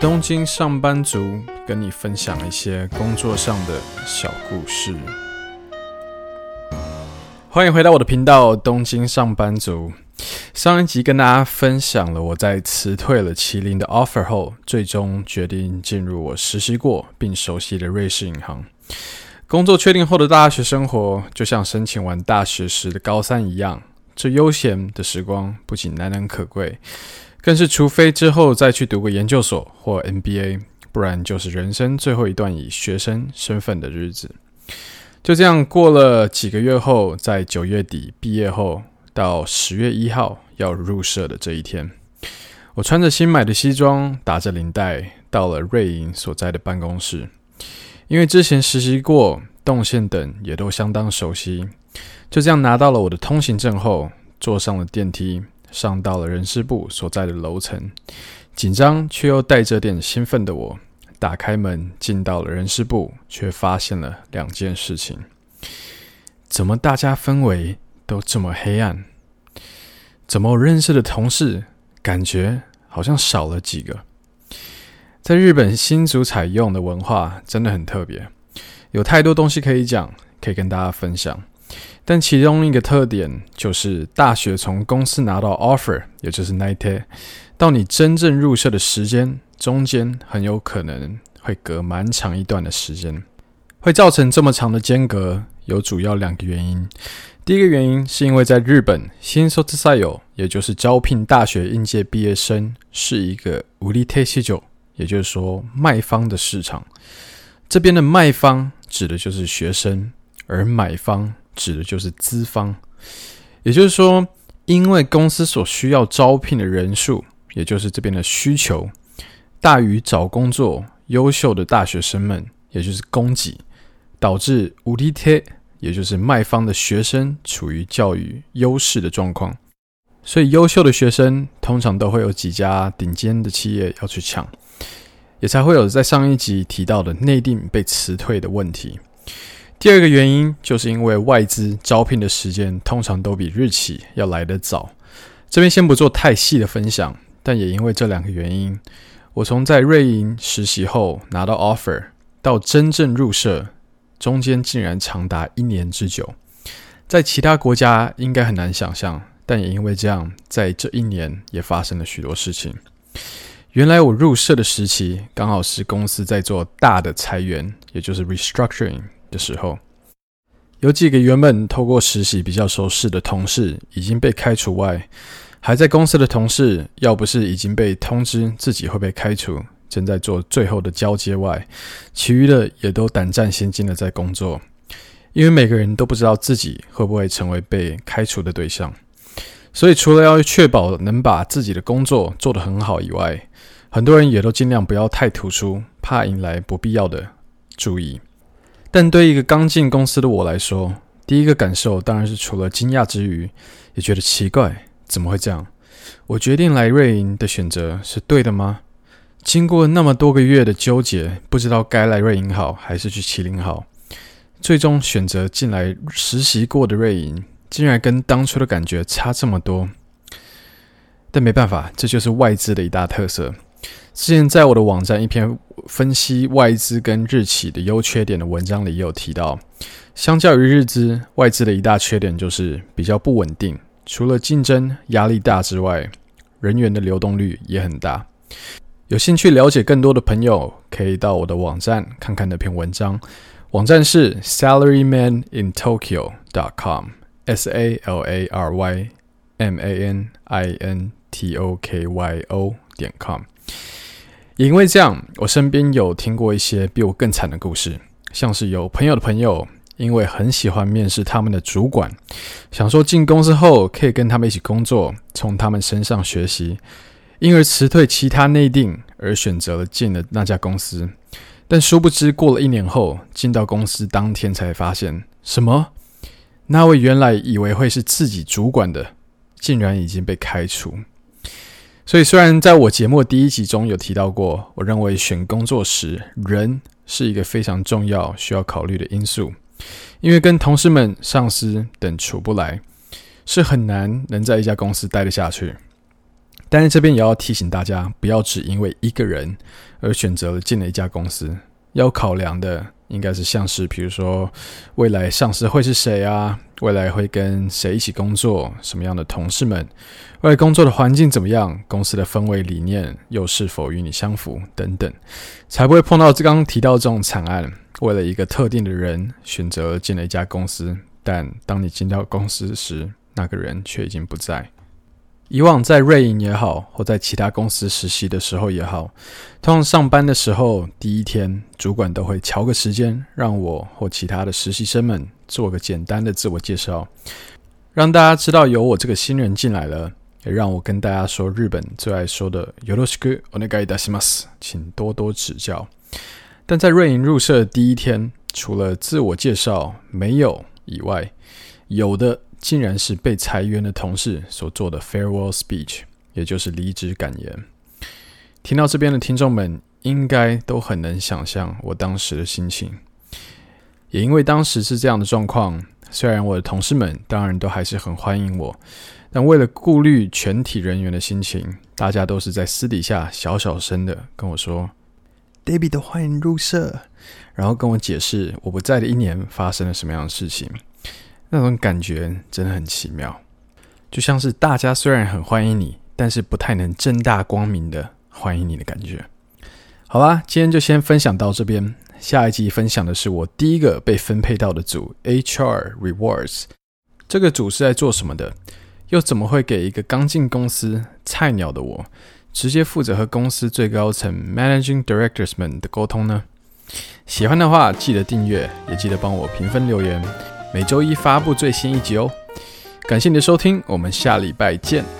東京上班族跟你分享一些工作上的小故事。歡迎回到我的頻道《東京上班族》。上一集跟大家分享了我在辭退了麒麟的 offer 後，最終決定進入我實習過並熟悉的瑞士銀行。工作確定後的大學生活，就像申請完大學時的高三一樣。是悠閒的時光不僅難能可貴，更是除非之後再去讀個研究所或 MBA，不然就是人生最後一段以學生身份的日子。就這樣過了幾個月後，在九月底畢業後到十月一號要入社的這一天，我穿着新買的西裝，打着領帶，到了瑞銀所在的辦公室。因為之前實習過動線等也都相當熟悉，就這樣拿到了我的通行證後。坐上了電梯，上到了人事部所在的樓層。緊張卻又帶着點興奮的我，打開門進到了人事部，卻發現了兩件事情：怎麼大家氛圍都這麼黑暗？怎麼我認識的同事感覺好像少了幾個？在日本新卒採用的文化真的很特別，有太多東西可以講，可以跟大家分享。但其中一個特點就是，大學從公司拿到 offer，也就是內定，到你真正入社的時間，中間很有可能會隔蠻長一段的時間。會造成這麼長的間隔，有主要兩個原因。第一個原因是因為在日本，新卒採用，也就是招聘大學應屆畢業生，是一個売り手市場，也就是說賣方的市場。這邊的賣方指的就是學生，而買方，指的就是資方，也就是說，因為公司所需要招聘的人數，也就是這邊的需求，大於找工作優秀的大學生們，也就是供給，導致売り手，也就是賣方的學生處於教育優勢的狀況，所以優秀的學生通常都會有幾家頂尖的企業要去搶，也才會有在上一集提到的內定被辭退的問題。第二個原因，就是因為外資招聘的時間通常都比日企要來得早。這邊先不做太細的分享，但也因為這兩個原因，我從在瑞銀實習後拿到 offer 到真正入社，中間竟然長達一年之久。在其他國家應該很難想象，但也因為這樣，在這一年也發生了許多事情。原來我入社的時期，剛好是公司在做大的裁員。也就是 restructuring 的時候，有幾個原本透過實習比較熟悉的同事已經被開除外，還在公司的同事，要不是已經被通知自己會被開除，正在做最後的交接外，其餘的也都膽戰心驚的在工作，因為每個人都不知道自己會不會成為被開除的對象，所以除了要確保能把自己的工作做得很好以外，很多人也都盡量不要太突出，怕引來不必要的注意，但對於一個剛進公司的我來說，第一個感受當然是除了驚訝之餘，也覺得奇怪，怎麼會這樣？我決定來瑞銀的選擇是對的嗎？經過那麼多個月的糾結，不知道該來瑞銀好還是去麒麟好，最終選擇進來實習過的瑞銀，竟然跟當初的感覺差這麼多。但沒辦法，這就是外資的一大特色。之前在我的網站一篇。分析外資跟日企的優缺點的文章裡也有提到，相較於日資，外資的一大缺點就是比較不穩定。除了競爭壓力大之外，人員的流動率也很大。有興趣了解更多的朋友，可以到我的網站看看那篇文章。網站是 salarymanintokyo.com s a l a r y m a n i n t o k y o 點 com。因為這樣，我身邊有聽過一些比我更慘的故事，像是有朋友的朋友，因為很喜歡面試他們的主管，想說進公司後可以跟他們一起工作，從他們身上學習，因而辭退其他內定而選擇了進了那家公司，但殊不知過了一年後，進到公司當天才發現，什麼？那位原來以為會是自己主管的，竟然已經被開除。所以，雖然在我節目第一集中有提到過，我認為選工作時，人是一個非常重要、需要考慮的因素。因為跟同事們、上司等處不來，是很難能在一家公司待得下去。但是這邊也要提醒大家，不要只因為一個人而選擇了進了一家公司，要考量的。應該是像是，比如說，未來上司會是誰啊？未來會跟誰一起工作？什麼樣的同事們？未來工作的環境怎麼樣？公司的氛圍理念又是否與你相符？等等，才不會碰到剛剛提到這種慘案。為了一個特定的人選擇進了一家公司，但當你進到公司時，那個人卻已經不在。以往在瑞銀也好，或在其他公司實習的時候也好，通常上班的時候第一天，主管都會敲個時間，讓我或其他的實習生們做個簡單的自我介紹，讓大家知道有我這個新人進來了，也讓我跟大家說日本最愛說的“よろしくお願いいたします”，請多多指教。但在瑞銀入社的第一天，除了自我介紹沒有以外，有的。竟然是被裁員的同事所做的 farewell speech，也就是離職感言。聽到這邊的聽眾們，應該都很能想象我當時的心情。也因為當時是這樣的狀況，雖然我的同事們當然都還是很歡迎我，但為了顧慮全體人員的心情，大家都是在私底下小小聲的跟我說：“Debbie 都歡迎入社”，然後跟我解釋我不在的一年發生了什麼樣的事情。那種感覺真的很奇妙，就像是大家雖然很歡迎你，但是不太能正大光明的歡迎你的感覺。好啦，今天就先分享到這邊。下一集分享的是我第一個被分配到的組 ——HR Rewards。這個組是在做什麼的？又怎麼會給一個剛進公司菜鳥的我，直接負責和公司最高層 Managing Directors 們的溝通呢？喜歡的話記得訂閱，也記得幫我評分留言。每週一發布最新一集哦，感謝你的收聽，我們下禮拜見。